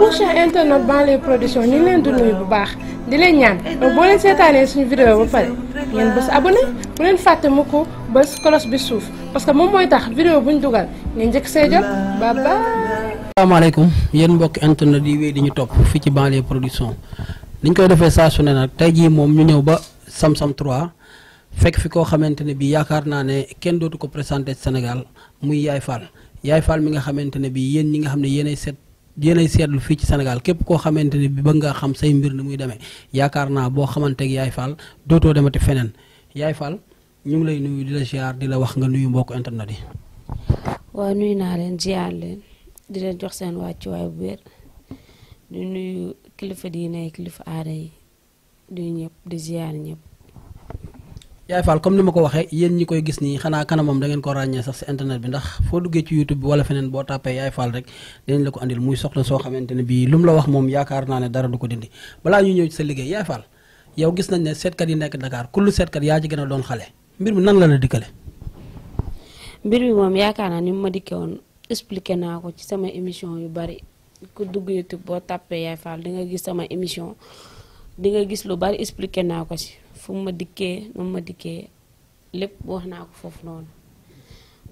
pour internet Banlieue Production ñu ngi leen di nuyu bu baax di leen ñaan bo leen sétané suñu vidéo ba paré ngeen bëss abonné bu leen faté muko ko cloche bi suuf parce que mom moy tax vidéo buñ dugal ngeen jëk see jot bye bye. alaykum yeen mbokk internet yi wé di ñu top fi ci Banlieue Production niñ koy défé sa suné nak tay ji mom ñu ñëw ba Samsam 3 Fek fi ko xamantene bi yakar na ne ken dootu ko présenté Sénégal muy Yaay Fall Yaay Fall mi nga xamantene bi yeen ñi nga xamne ne set yéenay seetlu fii ci Sénégal képp koo xamante ni bi bëgg nga xam say mbir ni muy demee yaakaar naa boo xamante ak Yaay Fall dootoo demati feneen Yaay Fall ñu ngi lay nuyu di la ziar di la wax nga nuyu mbokk internet yi. waaw nuyu naa leen ziar leen di leen jox seen wàccuwaay bu wér di nuyu kilifa diine yi kilifa aada yi di ñëpp di ziar ñëpp. Yaay Fall comme ni ma ko waxee yéen ñi koy gis nii xanaa kanamam da ngeen ko ràññee sax si internet bi ndax foo duggee ci YouTube bi wala feneen boo tàppee Yaay Fall rek ko andil muy soxna soo xamante ne bii lu mu la wax moom yaakaar naa ko dindi balaa ñëw sa liggéey Yaay Fall yow gis nañ ne seetkat yi nekk Dakar kullu seetkat yaa ci gën a doon xale mbir mi nan la la mbir mi moom yaakaar naa ni mu ma dikkee woon expliqué naa ko ci sama émission yu bari ku dugg YouTube boo tàppee Yaay Fall di nga gis sama émission di nga gis lu bari expliqué naa ko ci fu ma dikkee nu ma dikkee lépp wax naa ko foofu noonu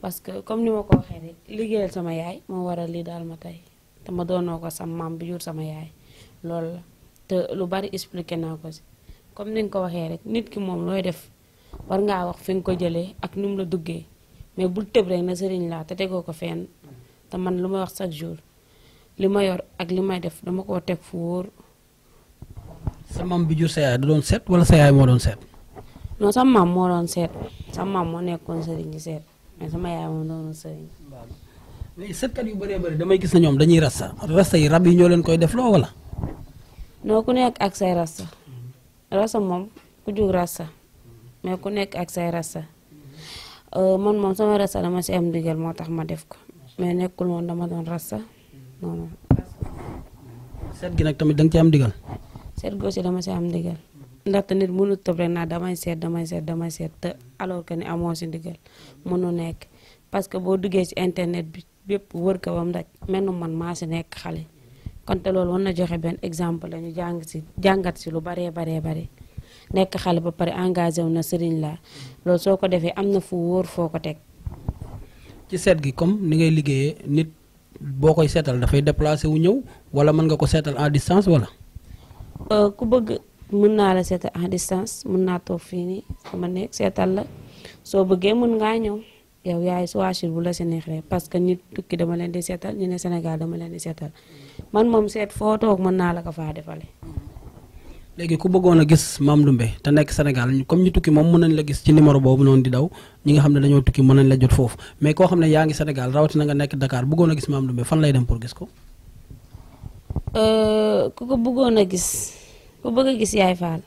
parce que comme ni ma ko waxee rek liggéeyal sama yaay moo waral li daal ma tey te ma doonoo ko sama maam bi jur sama yaay lool la te lu bari expliqué naa ko si comme ni nga ko waxee rek nit ki moom looy def war ngaa wax fi nga ko jëlee ak nu mu la duggee mais bul tëb rek na sëriñ laa te tegoo ko fenn te man lu ma wax chaque jour li ma yor ak li may def dama koo teg fu wóor Sama mam bi jur sa da don set wala sa yaay moo doon seet non sa mam mo don set sama mam mo nekkon sëriñ di set. mais sama yaay don doon sëriñ set kan yu bari bari damay gis na ñom dañuy rasta rasta yi rab yi ñoo leen koy def lo wala Rasa ku nekk ak say rasta rasta mom ku jug rasta mais ku nekk ak say rasta euh, man mom sama rasta dama ci am digal motax ma def ko mais nekkul woon dama don rasta non set gi nak tamit dang ci am digal go ci e dama ci am ndigal te nit mënu tëb rek naa damay set damay set damay set te alors que ni amo ci ndigal mënu nek parce que bo duggé ci internet bi bépp wër ka ba daj mel man ma ci nek xalé kon te loolu war na joxe benn exemple lañu jang ci jangat ci lu bare bare bare nek xalé ba pare engagé wona serigne la loolu soko défé amna fu wër foko tek ci set gi comme ni ngay liggéeyee nit bokoy koy da fay déplacer wu ñew wala man nga ko seetal à distance wala. Euh, ku bëgg mën naa la seetal à distance mën naa toog fii nii sama nekk seetal la soo bëggee mun ngaa ñëw yow yaay choisir bu la si neexee parce que nit tukki dama leen di seetal ñu ne Sénégal dama leen di seetal man moom seet foo toog mën naa la ko faa defale léegi ku bëggoon a gis Mame Ndoumbe te nekk Sénégal comme ñu tukki moom mën nañ la gis ci numéro boobu noonu di daw ñi nga xam ne dañoo tukki mën nañ la jot foofu mais koo xam ne yaa ngi Sénégal rawatina nga nekk Dakar bëggoon a gis Mame dem pour gis ko Euh, ku ko bëggoon a gis ku bëgg a gis yaay faal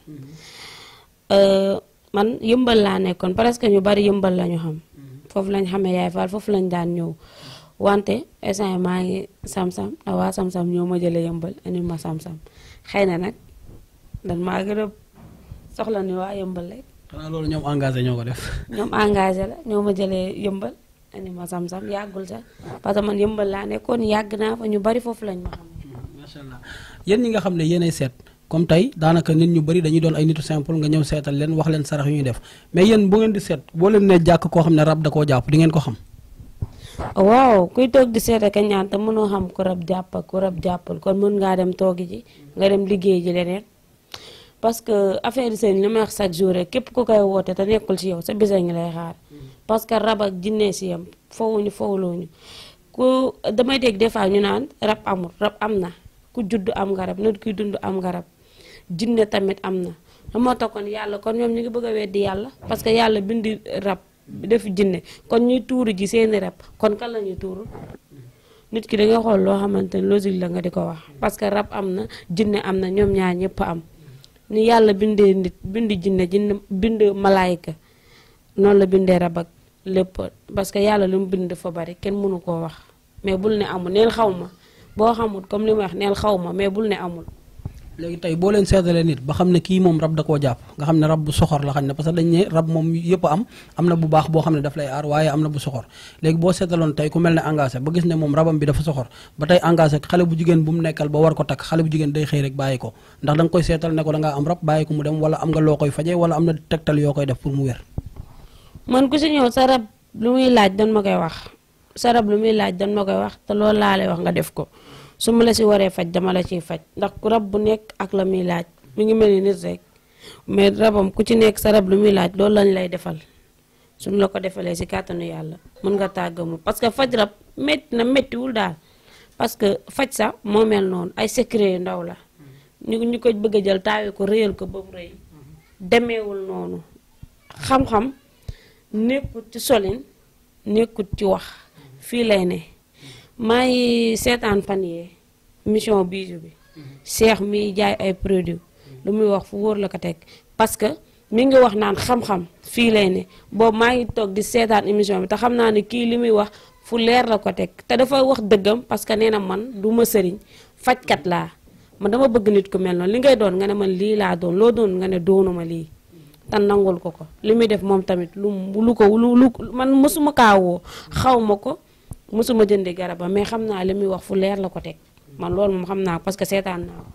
euh, man yëmbal laa nekkoon presque ñu bari yëmbal lañu ñu xam foofu lañ xamee yaay faal foofu lañ daan ñëw wante instant maa ngi sam-sam da waa sam ñoo ma jële yëmbal ani ma sam xëy na nag dan maa gën a waa yëmbal rek xanaa loolu ñoom engagé la ma jëlee yëmbal ani ma sam yàggul sax parce que man yëmbal laa nekkoon yàgg naa fa ñu bari foofu lañ ma xam macha allah yéen ñi nga xam ne yéenay seet comme tey daanaka nit ñu bëri dañuy doon ay nitu simple nga ñëw seetal leen wax leen sarax yu ñuy def mais yéen bu ngeen di seet boo leen ne jàkk koo xam ne rab da koo jàpp di ngeen ko xam. waaw kuy toog di seet ak ñaan te mënoo xam ku rab jàpp ak ku jàppal kon mën ngaa dem toogi ji nga dem liggéey ji leneen parce que affaire seen li ma wax chaque jour rek képp ku koy woote te nekkul ci yow sa bisa ngi lay xaar parce que rab ak jinne ci yam fowuñu fowlooñu ku damay dégg des ñu naan rab amul rab na ku judd am nga rab nit kuy dund am nga rab jinne tamit am na moo tax kon yàlla kon ñoom ñu ngi bëgg a weddi yàlla parce que yàlla bind rab def jinne kon ñuy tuuru ji seeni rab kon kan lañuy ñuy tuuru nit ki da nga xool loo xamante ne logique la nga di ko wax parce que rab am na jinne am na ñoom ñaar ñëpp am ni yàlla bindee nit bind jinne jinne bind malaayka noonu la bindee rab ak lépp parce que yàlla lu mu bind fa bari kenn mënu koo wax mais bul ne amul neen xaw ma boo xamul comme li ma wax neel xaw ma mais bul ne amul. léegi tey boo leen seetalee nit ba xam ne kii moom rab da koo jàpp nga xam ne rab bu soxor la xam ne parce que dañ ne rab moom yëpp am boo xam ne daf lay aar waaye am na bu soxor léegi boo seetaloon tey ku mel ne engagé ba gis ne moom rabam bi dafa soxor ba tey engagé xale bu jigéen bu mu nekkal ba war ko takk xale bu jigéen day rek bàyyi ko ndax da koy seetal ne ko da ngaa am rab ko mu dem wala am nga loo koy faje wala am na tegtal yoo koy def pour mu wér man ku si ñëw sa rab lu muy laaj dan ma koy wax sa rab lu muy laaj dan ma koy wax te loolu laale lay wax nga def ko su ma la si waree faj dama la ciy faj ndax rab bu nekk ak la muy laaj mi ngi mel ni nit rek mais rabam ku ci nekk sa rab lu muy laaj loolu lañ lay defal suñ la ko defalee si kàttanu yàlla mën nga tàggamu parce que faj rab métti na méttiwul daal parce que faj sa moo mel noonu ay secret yu ndaw la ñu ñu ko bëgg a jël taawee ko réyal ko ba mu rëy demeewul noonu xam-xam nekkut ci solin nekkut ci wax fii lay ne maa ngi seetaan fan yee mission bijou bi Cheikh mi jaay ay produits lu muy wax fu wóor la ko teg parce que mi ngi wax naan xam-xam fii lay ne boobu maa ngi toog di seetaan émission bi te xam naa ne kii li muy wax fu leer la ko teg te dafa wax dëggam parce que nee na man du ma sëriñ fajkat laa ma dama bëgg nit ko mel noonu li ngay doon nga ne man lii laa doon loo doon nga ne doonuma lii te nangul ko ko li muy def moom tamit lu lu lu man mësuma kaawoo xaw ma ko mësuma jëndi garabam mais xam naa li muy wax fu leer la ko teg man loolu moom xam naa parce que seetaan naa ko.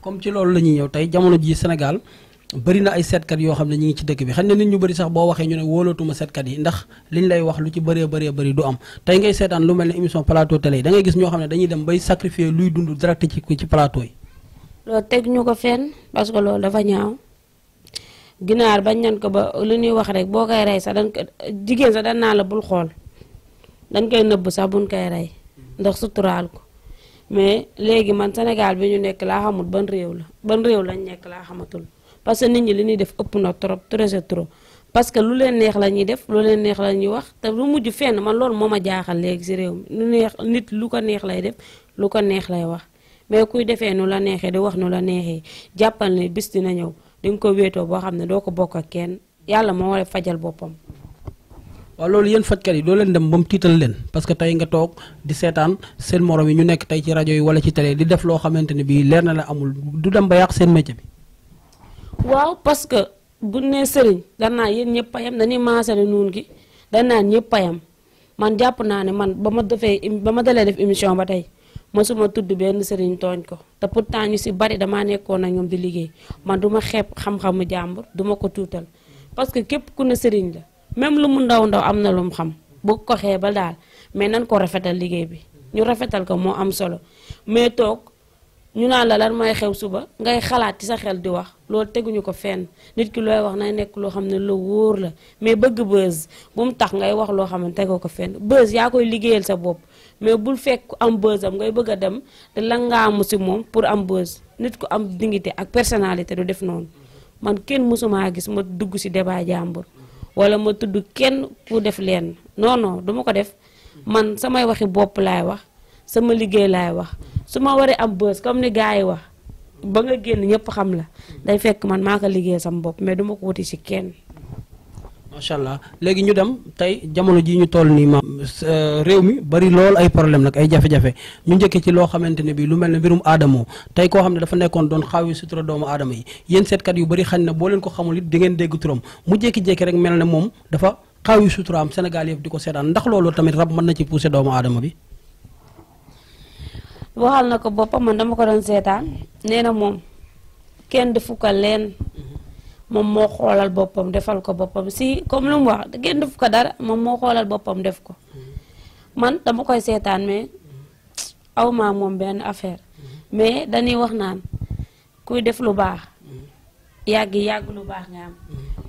comme ci loolu la ñuy ñëw tey jamono ji Sénégal bari na ay seetkat yoo xam ne ñu ngi ci dëkk bi xañ na nit ñu bëri sax boo waxee ñu ne wóolatuma seetkat yi ndax liñ lay wax lu ci bëree bëree bëri du am tey ngay seetaan lu mel ne émission plateau télé yi da gis ñoo xam ne dañuy dem bay sacrifier luy dund direct ci ci plateau yi. loolu teg ñu ko fenn parce que loolu dafa ñaaw ginaar bañ nañ ko ba lu ñuy wax rek boo koy rey sax dañ ko jigéen naa la bul xool. dañ koy nëbb sax buñ koy rey ndax suturaal ko mais léegi man Sénégal bi ñu nekk laa xamul ban réew la ban réew lañ nekk laa xamatul parce que nit ñi li ñuy def ëpp na trop trop c'est parce que lu leen neex la ñuy def lu leen neex la ñuy wax te lu mujj fenn man loolu moo ma jaaxal léegi si réew mi lu neex nit lu ko neex lay def lu ko neex lay wax mais kuy defee nu la neexee di wax nu la neexee jàppal ne bis dina ñëw di ko wéetoo boo xam ne doo ko bokk kenn yàlla moo war fajal boppam. waaw loolu yéen fajkat yi doo leen dem ba mu tiital leen parce que tey nga toog di seetaan seen morom yi ñu nekk tey ci rajo yi wala ci télé di def loo xamante ne bii leer na la amul du dem ba yàq seen métier bi. waaw parce que bu nee sëriñ danaa yéen ñëpp a yem dañuy maasale nuun gi danaa ñëpp a yem man jàpp naa ne man ba ma defee ba ma dalee def émission ba tey mësuma tudd benn sëriñ tooñ ko te pourtant ñu si bari damaa nekkoon ak ñoom di liggéey man duma xepp xeeb xam-xamu jàmbur duma ko tuutal parce que képp ku ne sëriñ la. même lu mu ndaw ndaw am na lu mu xam bu ko xee ba daal mais nan ko rafetal liggéey bi ñu rafetal ko moo am solo mais toog ñu naan la lan mooy xew suba ngay xalaat ci sa xel di wax loolu teguñu ko fenn nit ki looy wax na nekk loo xam ne lu wóor la mais bëgg buzz bu mu tax ngay wax loo xam ne tegoo ko fenn buzz yaa koy liggéeyal sa bopp mais bul fekk am buzz ngay bëgg a dem te la ngaa mu si moom pour am buzz nit ku am dingité ak personnalité du def noonu man kenn mësumaa gis ma dugg si débat jàmbur wala ma tudd kenn ku def leen non non du ko def man samay waxi bopp laay wax sama liggéey laay wax su ma waree am bës comme ni gars yi wax ba nga génn ñëpp xam la day fekk man maa ko liggéey sama bopp mais du ko wuti ci kenn. macha allah léegi ñu dem tey jamono ji ñu toll nii maam euh, réew mi bari lool ay problème nag ay jafe-jafe ñu njëkkee ci loo xamante ne bii lu mel ne mbirum aadamo tey koo xam ne dafa nekkoon doon xaawi sutura doomu aadama yi yéen seetkat yu bari xañ na boo leen ko xamul it di ngeen dégg turam mu jékki-jékki rek mel na moom dafa xaawi sutura am Sénégal yëpp di ko seetaan ndax loolu tamit rab mën na ci pousser doomu aadama bi waxal na ko boppam man dama na moom kenn du fukkal leen mm-hmm. mom mo xolal bopam defal ko bopam si comme lu mu wax kenn def ko dara mom mo xolal bopam def ko man dama koy setan mais awma mom ben affaire mais dañuy wax nan kuy def lu ya yag yag lu bax nga am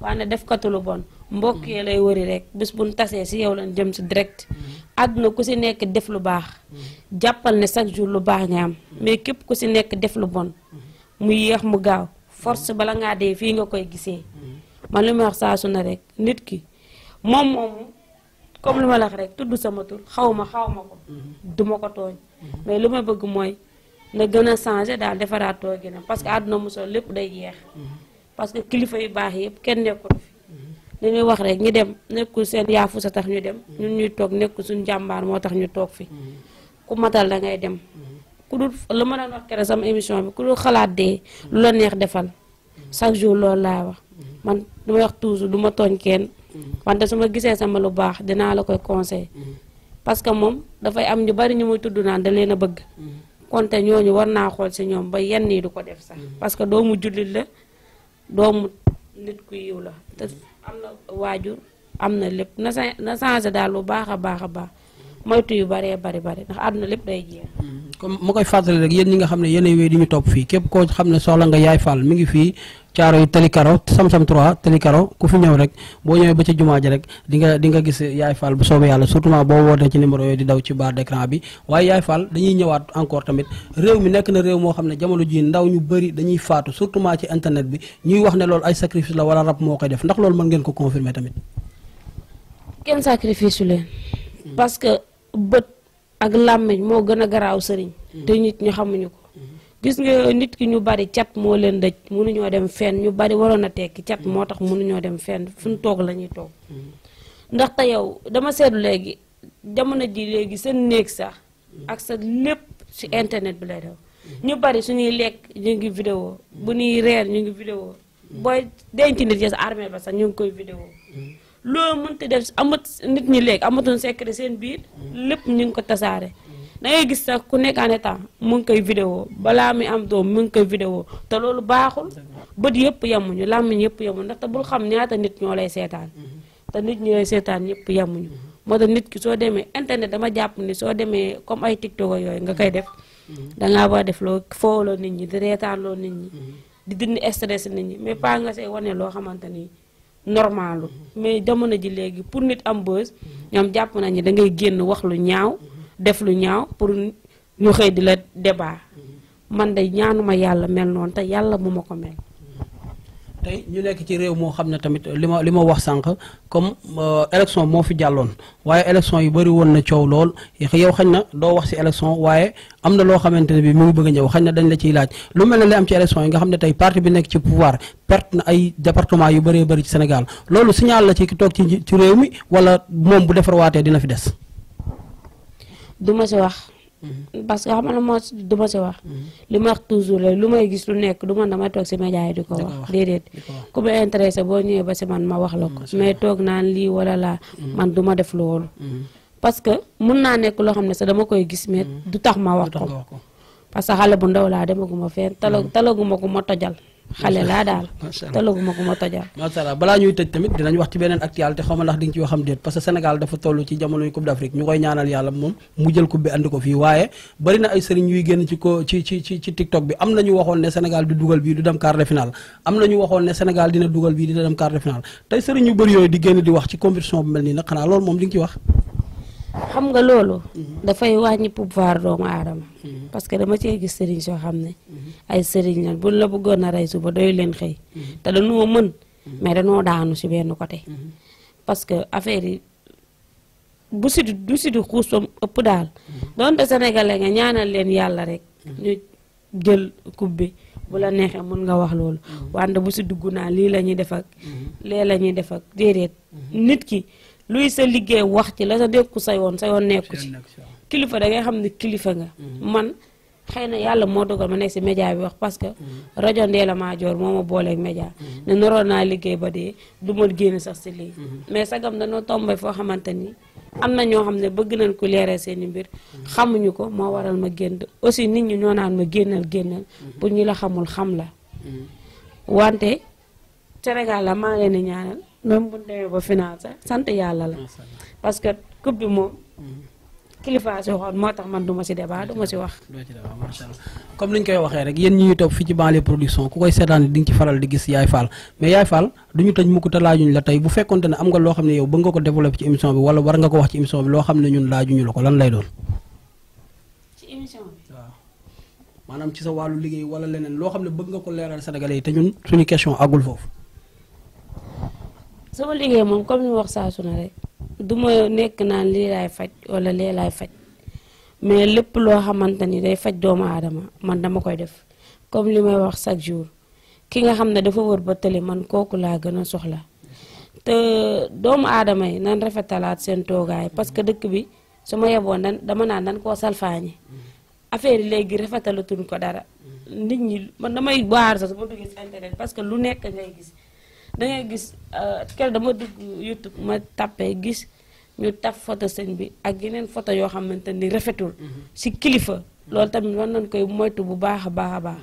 wana def tu lu bon mbokk yee lay wori rek bis buñ tassé si yow lañ dem si direct adna ku ci nek def lu bax jappal ne chaque jour lu bax nga am mais kep ku ci nek def lu bon mu yeex mu gaaw force bala ngaa dee fii nga koy gisee man li ma wax saa su ne rek nit ki moom moomu comme li ma la rek tudd sama tur xaw ma xaw ma ko ma ko tooñ mais lu ma bëgg mooy na gën a changé daal defaraat tooginam parce que àdduna mosoo lépp day yeex parce que kilifa yu baax yëpp kenn nekkul fi li ñuy wax rek ñu dem nekkul seen yaafu sa tax ñu dem ñun ñuy toog nekkul suñu jàmbaar moo tax ñu toog fi ku matal da ngay dem ku dul lu ma daan wax keroog sama émission bi ku dul xalaat dee lu la neex defal chaque jour loolu laa wax man du ma wax toujours du ma tooñ kenn wante su ma gisee sama lu baax dinaa la koy conseil parce que moom dafay am ñu bari ñu muy tudd naan leen a bëgg konte ñooñu war naa xool si ñoom ba yenn yi du ko def sax parce que doomu jullit la doomu nit ku yiw la am na waajur am na lépp na na daal lu baax a baax a baax moytu yu baree bari bari ndax àdduna lépp day jeex comme ma koy fàttali rek yéen ñi nga xam ne yéenay wéy di ñu topp fii képp koo xam ne soxla nga yaay Fall mi ngi fii caaro yu tali karo sam-sam 3 tali karo ku fi ñëw rek boo ñëwee ba ca jumaa ji rek di nga gis yaay Fall bu soobee yàlla surtout boo wootee ci numéro yooyu di daw ci barre d'écran bi waaye yaay Fall dañuy ñëwaat encore tamit réew mi nekk na réew moo xam ne jamono ji ndaw ñu bëri dañuy faatu surtout ci internet bi ñuy wax ne loolu ay sacrifice la wala rab ko confirmer tamit kenn sacrifice leen parce ak làmmiñ moo gën a garaaw sëriñ te nit ñu xamuñu ko gis nga nit ki ñu bari cat moo leen dëj mënuñoo dem fenn ñu bari waroon a tekki cat moo tax mënuñoo dem fenn fu ñu toog la ñuy toog ndaxte yow dama seetlu léegi jamono ji léegi seen néeg sax ak sa lépp ci internet bi lay dem ñu bari suñuy lekk ñu ngi vidéo bu ñuy reer ñu ngi vidéo booy denc nit ya sa armée ba sax ñu ngi koy vidéo loo mënti def amat nit ñi léegi amatuñu secret seen biir lépp ñu ngi ko tasaare da ngay gis sax ku nekk en état mu ngi koy vidéo balaa muy am doom mu ngi koy vidéo te loolu baaxul bët yëpp yemuñu làmmiñ yëpp yemuñu ndaxte bul xam ñaata nit ñoo lay seetaan te nit ñi lay seetaan yëpp yemuñu moo tax nit ki soo demee internet dama jàpp ni soo demee comme ay tiktok yooyu nga koy def dangaa war a def loo fooloo nit ñi di reetaan loo nit ñi di dindi stress nit ñi mais pas nga see wane loo xamante ni normalu mais jamono ji léegi pour nit am bës ñoom jàpp nañu da ngay génn wax lu ñaaw def lu ñaaw pour ñu xëy di la débat man de ñaanuma yàlla mel noonu te yàlla bu ma ko mel tey ñu nekk ci réew moo xam ne tamit li ma li ma wax sànq comme euh, élection moo fi jàlloon waaye élection yu bëri woon na coow lool yow xañ na doo wax si élection waaye am na loo xamante ne bi mu ngi bëgg ñëw xañ na dañ la ciy laaj lu mel ne li am ci élection yi nga xam ne tey parti bi nekk ci pouvoir perte na ay département yu bëree bëri ci Sénégal loolu signal la ci ki toog ci ci réew mi wala moom bu defar waatee dina fi des. du si wax. parce que xam nga moo du ma si wax. Mm-hmm. li ma wax toujours lu may gis lu nekk du man damay toog si média yi di ko wax. déedéet ku ma intéressé boo ñëwee ba si man ma wax la ko. Mm-hmm. mais toog naan lii wala laa. Mm-hmm. man duma def loolu. parce que mun naa nekk loo xam ne sa dama koy gis mee du tax ma wax ko. parce que xale bu ndaw laa demaguma fenn. talagu talaguma ko ma tojal. xale laa daal tolaguma ku ma tojal macha allah balaa ñuy tëj tamit dinañ wax ci beneen actualité xaw ma ndax di nga ci waxam déet parce que Sénégal dafa toll ci jamonoy Coupe d'Afrique ñu koy ñaanal yàlla moom mu jël coupe bi andi ko fii waaye bari na ay sëriñ yuy génn ci ko ci ci ci ci TikTok bi am ñu waxoon ne Sénégal du dugal bii du dem quart de finale am nañu waxoon ne Sénégal dina dugal bii dina dem quart de finale tey sëriñ yu bëri yooyu di génn di wax ci compétition bu mel nii nag xanaa loolu wax xam nga loolu. Mhm. dafay wàññi pouvoir doomu aadama. Mhm. parce que dama cee gis sëriñ soo xam ne. Mhm. ay sëriñ la bu la bëggoon a rey suba doy leen xëy. te dañoo mën. mais dañoo daanu si benn côté. parce que affaire yi bu si du si du xuus ba ëpp daal. donte sénégalais nga ñaanal leen yàlla rek. ñu jël coupe bi bu la neexee mën nga wax loolu. wante bu si dugg naa lii la ñuy def ak. lee la ñuy def ak déedéet. nit ki. luy sa liggéey wax ci la sa nekku sa yoon sa yoon nekku ci kilifa da ngay xam ne kilifa nga mhm. man xëy na yàlla moo dogal ma nekk si média bi wax parce que mhm. rajo Ndella Madior moo ma booleeg média mhm. ne naroon naa liggéey ba dee du ma génn sax si lii mais sagam dañoo tombé foo xamante ni am na ñoo xam ne bëgg nañ ko leeral seeni mbir xamuñu ko moo waral ma génn aussi nit ñi ñoo naan ma génnal génnal pour ñu la xamul xam la wante Sénégal la maa leen di même bu ñu ba final sax sant yàlla la. parce que coupe bi moom. Mhm. kilifa si waxoon moo tax man du ma si débat du ma si wax. comme niñ koy waxee rek yéen ñi ñuy topp fii ci Banlieue Production ku koy seetaan di nga ci faral di gis Yaay Fall mais Yaay Fall duñu ñu tëj mukk te laajuñ la tey bu fekkonte ne am nga loo xam ne yow bëgg nga ko développé ci émission bi wala war nga ko wax ci émission bi loo xam ne ñun laajuñu la ko lan lay doon. ci émission bi waaw. maanaam ci sa wàllu liggéey wala leneen loo xam ne bëgg nga ko leeral Sénégalais yi te ñun suñu question agul foofu. sama liggéey moom comme ni ma wax saa su ne du ma nekk naan lii laay faj wala lee laay faj mais lépp loo xamante ni day faj doomu aadama man dama koy def comme li may wax chaque jour ki nga xam ne dafa wër ba tële man kooku laa gën a soxla te doomu aadama yi nan rafetalaat seen toogaay parce que dëkk bi su ma yeboon dama naan dan koo salfaañe affaire yi léegi rafetalatuñ ko dara nit ñi man damay baar sax su ma duggee si internet lu nekk ngay gis dangay gis euh, kel dama dugg YouTube ma tàppee gis ñu taf photo sëñ bi ak yeneen photo yoo xamante ni rafetul si mhm. kilifa loolu tamit war nañ ko moytu bu baax a baax a baax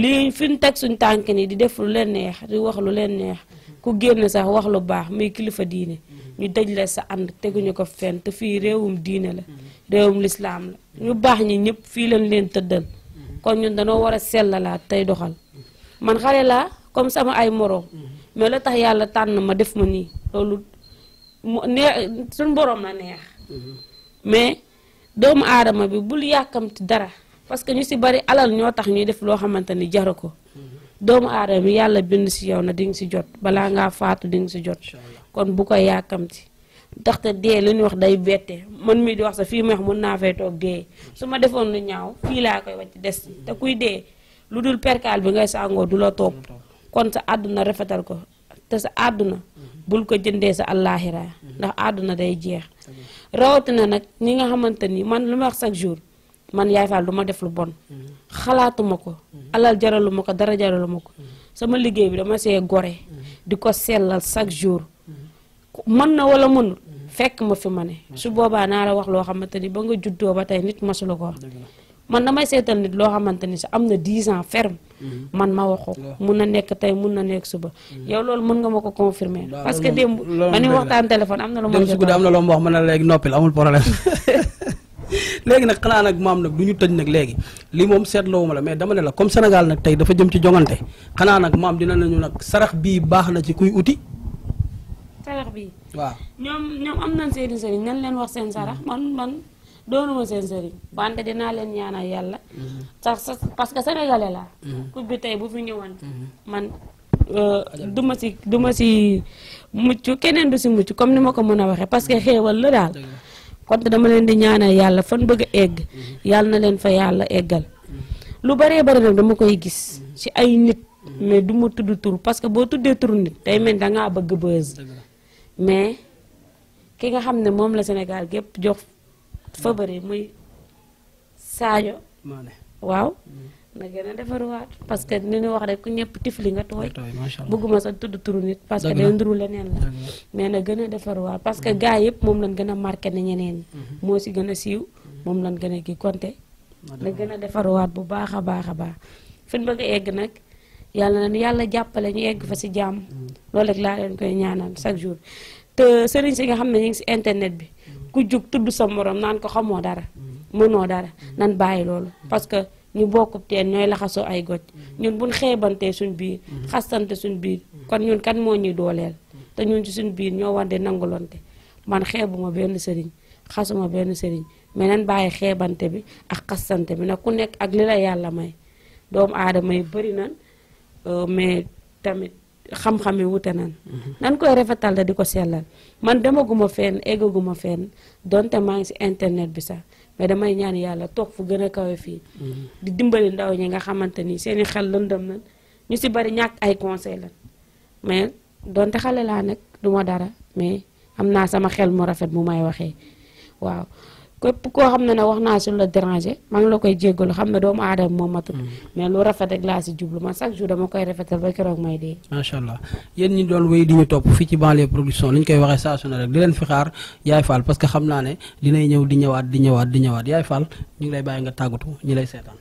lii fi ñu teg suñ tànk nii di def lu leen neex di wax lu leen neex ku génn sax wax lu baax muy kilifa diine mhm. ñu daj la sa ànd teguñu ko fenn te fii réewum diine la mhm. réewum lislaam la ñu baax ñi ñëpp fii lañ leen tëddal kon ñun dañoo war a sellalaat tey doxal man xale ay moroom mais la tax yàlla tànn ma def ma nii loolu mu neex suñ borom la neex mais doomu aadama bi bul yàkkamti dara parce que ñu si bari alal ñoo tax ñuy def loo xamante ni jara ko doomu aadama bi yàlla bind si yow na di nga si jot balaa ngaa faatu di nga si jot kon bu ko yàkkamti ndaxte dee lu ñuy wax day bette mën mii di wax sa fii ma wax mën naa fay toog dee su ma defoon lu ñaaw fii laa koy wàcc des te kuy dee lu dul perkaal bi ngay sàngoo du la topp kon sa àdduna rafetal ko te sa àdduna bul ko jëndee sa àllaaxira ndax àdduna day jeex rawatina nag ni nga xamante ni man lu ma wax chaque jour man yaay du ma def lu ko alal jaralu ma ko dara jaralu ko sama liggéey bi dama see gore di ko sellal chaque jour mën na wala mënul fekk ma fi ma ne su boobaa naa la wax loo xamante ni ba nga juddoo ba tey nit masula ko wax man damay seetal nit loo xamante ni am na 10 ans ferme Mm-hmm. man ma wax ko mun na nekk tey mun na nekk suba mm-hmm. yow loolu mën nga ma ko confirmer parce que démb ma ni waxtaan téléphone am na lu ma su guddi na loo ma wax amul problème léegi nag xanaa nag maam nag du ñu tëj nag léegi li moom seetloowuma la mais dama ne la comme Sénégal nag tey dafa jëm ci jongante xanaa nag maam dina nañu nag sarax bii baax na ci kuy uti sarax bii waaw ñoom ñoom am nañ seeni sëriñ nan leen wax seen sarax man man doonuma seen sëriñ wante dinaa leen ñaanal yàlla. sax sax parce que sénégalais laa. coupe mm-hmm. bi tey bu fi ñëwoon. Mm-hmm. man euh, du ma si du ma si mucc keneen du si mucc comme ni ma ko mën a waxee parce que mm-hmm. xéewal la daal. kon dama leen di ñaanal yàlla fan bëgg egg. yàlla na leen fa yàlla eggal. lu baree bari nag dama koy gis si ay nit. mais du ma tudd tur parce que boo tuddee tur nit tey mel dangaa bëgg buzz mais ki nga xam ne moom la Sénégal gépp jox dafa bëri muy Sadio. waaw. Mm. na gën a defaruwaat parce que ni ñu wax rek ku ñëpp tifli nga tooy. bëgguma sa tudd turu nit. parce que day nduru leneen la. mais na gën a defaruwaat parce que mm. gars yëpp moom lañ gën a marqué ne ñeneen ñi. Mm-hmm. moo si gën a siiw mm. moom lañ gën a gi konte na gën a defaruwaat bu baax a baax a baax fi ñu bëgg a egg nag. yàlla na yàlla jàppale ñu egg fa si jàmm loolu rek laa leen koy ñaanal chaque jour te sëriñ si nga xam ne ñu ngi si internet bi ku jug tudd sa morom naan ko xamoo dara mënoo dara nan bàyyi loolu parce que ñu bokk teen ñooy laxasoo ay goj ñun buñ xeebantee suñ biir xastante suñ biir kon ñun kan moo ñuy dooleel te ñun ci suñ biir ñoo war di nangulonte man xeebuma benn sëriñ xasuma benn sëriñ mais nan bàyyi xeebante bi ak xastante bi nag ku nekk ak li la yàlla may doomu aadama yi bëri nan euh, mais tamit xam-xam yi wute nan nan koy rafetal da di ko sellal man demaguma fenn eggaguma fenn donte maa ngi si internet bi sax mais damay ñaan yàlla toog fu gën a kawe fii mm-hmm. di dimbali ndaw ñi nga xamante ni seeni xel lëndëm nan ñu si bari ñàkk ay conseil la mais donte xale laa nag duma dara mais am naa sama xel mu rafet mu may waxee waaw képp ko xamne na waxna wax su la déranger mang la koy djéggol xamne doom adam mo moo matul mm. mais lu rafet ak laa si jublu man chaque jour dama koy rafetal ba kérok may dé ma sha allah yeen ñi doon wéy di ñu top fi ci banlieue production li ñu koy waxee sa su rek di len fi xaar yaay Fall parce que xamna né ne dinay ñew di ñëwaat di ñëwaat di ñëwaat yaay Fall ñu ngi lay baye nga tagutu ñi lay seetaan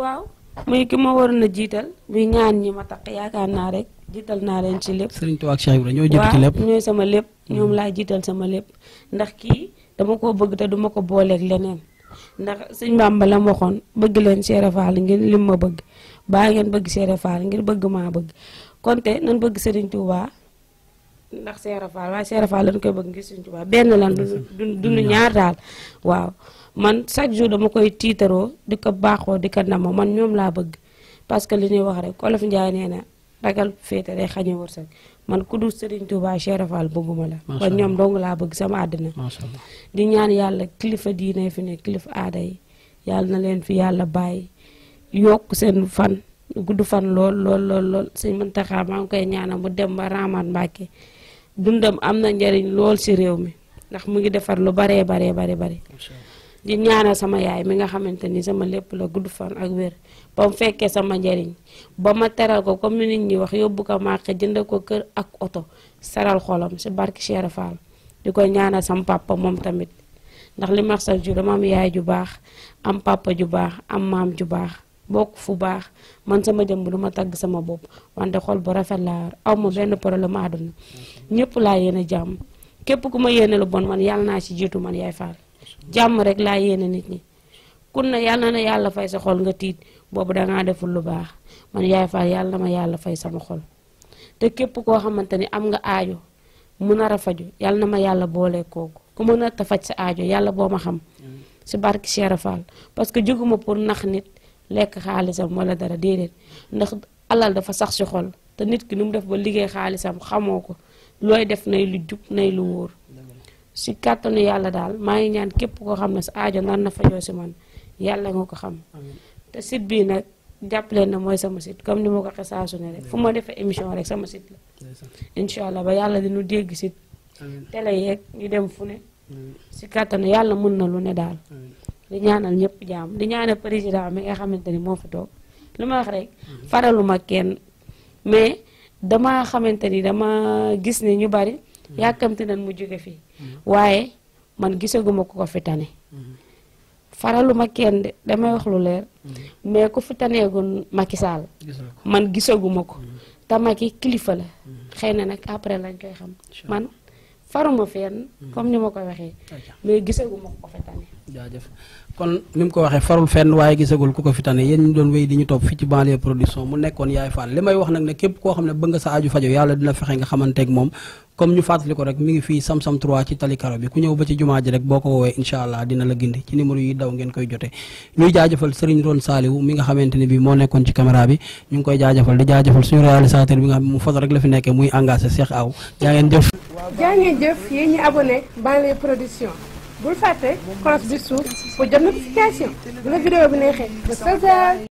waaw muy ki mo war na jiital bi ñaan ñi ma taq yaakaar na rek jiital na len ci lepp Serigne Touba Cheikh ibrahim ñoo jiitu ci lepp waaw sama lepp mm. ñoom la jiital sama lepp ndax ki dama ko bëgg te duma ko booleeg leneen ndax sëñ Bàmba la ma waxoon bëgg leen Cheikh Fall ngir lim ma bëgg baa ngeen bëgg Cheikh Fall ngir bëgg ma bëgg konte nan bëgg Serigne Touba ndax Cheikh Fall waaye Cheikh Fall lañ koy bëgg ngir Serigne Touba benn lan du du ñaar daal waaw man chaque jour dama koy tiitaroo di ko baaxoo di ko namoo man ñoom laa bëgg parce que li ñuy wax rek olof Njaay nee na ragal féete day xañu wërsëg man ku dul Serigne Touba Cheikh Fall bëgguma la. kon ñoom dong laa bëgg sama àddina. di ñaan yàlla kilifa diine fi ne kilifa aada yi yàlla na leen fi yàlla bàyyi yokk seen fan gudd fan lool lool lool lool sëñ Muntaxa maa koy ñaanal mu dem ba Rahman Mbàkke dundam am na njariñ lool si réew mi ndax mu ngi defar lu baree baree bare bare. di ñaanal sama yaay mi nga xamanteni sama lepp la gudd fan ak wër ba mu fekke sama jariñ ba ma teral ko comme nit ñi wax yóbbu ko màqe jënd ko kër ak auto saral xolam ci barki Cheikh Fall diko ko ñaanal sama papa mom tamit ndax li ma xal ju dama am yaay ju baax am papa ju baax am mam ju baax bok fu baax man sama dem ma sama bopp wante xol bu rafet la aw mo ben problème aduna ñepp la yena jam kep ku ma lu bon man yalla na ci jitu man yaay Fall jàmm rek laa yéene nit ñi kun na yàlla na yàlla fay sa xol nga tiit boobu dangaa deful lu baax man yaay faal yàlla na ma yàlla fay sama xol te képp koo xamante ni am nga aajo mu nar a faju yàlla na ma yàlla boole kooku ku mën a ta faj sa aajo yàlla boo ma xam si barki Cheikh Fall parce que jóguma pour nax nit lekk xaalisam wala dara déedéet ndax alal dafa sax si xol te nit ki nu mu def ba liggéey xaalisam xamoo ko looy def nay lu jub nay lu wóor si kàttanu yàlla daal maa ngi ñaan képp koo xam ne sa aajo nan na fajoo si man yàlla nga ko xam te site bii nag jàpp leen na mooy sama site comme ni ma ko waxee rek fu ma defee émission rek sama site la incha ba yàlla dinu dégg site télé yeeg ñu dem fu ne si kàttanu yàlla mun na lu ne daal di ñaanal ñëpp jaam di ñaanal président mi nga xamante ni moo fi toog lu ma wax rek faraluma kenn mais dama xamante ni dama gis ne ñu bari Mm-hmm. yàkkamti nan mu jóge fii mm-hmm. waaye man gisaguma ko ko fi mm-hmm. faraluma kenn de damay wax lu leer mais ku fi taneegul Macky man gisaguma ko te Macky kilifa la xëy na nag après lañ koy xam man faruma fenn comme ni ma koy waxee mais gisaguma ko ko fi jaajëf kon ni ko waxee farul fenn waaye gisagul ku ko fi tane ñu doon wéy di ñu topp fii ci banlieue production mu nekkoon yaay faal li may wax nag ne képp koo xam ne bëgg sa aju fajo yàlla dina fexe nga xamanteeg moom comme ñu fàttali ko rek mi ngi fii sam-sam 3 ci tali karo bi ku ñëw ba ci jumaa ji rek boo ko woowee incha allah dina la gindi ci numéro yi daw ngeen koy jote ñuy jaajëfal Serigne Ron Saliou mi nga xamante ne bi moo nekkoon ci caméra bul fàtte cloche bi suuf pour jot notification bu la vidéo bi neexee ba 16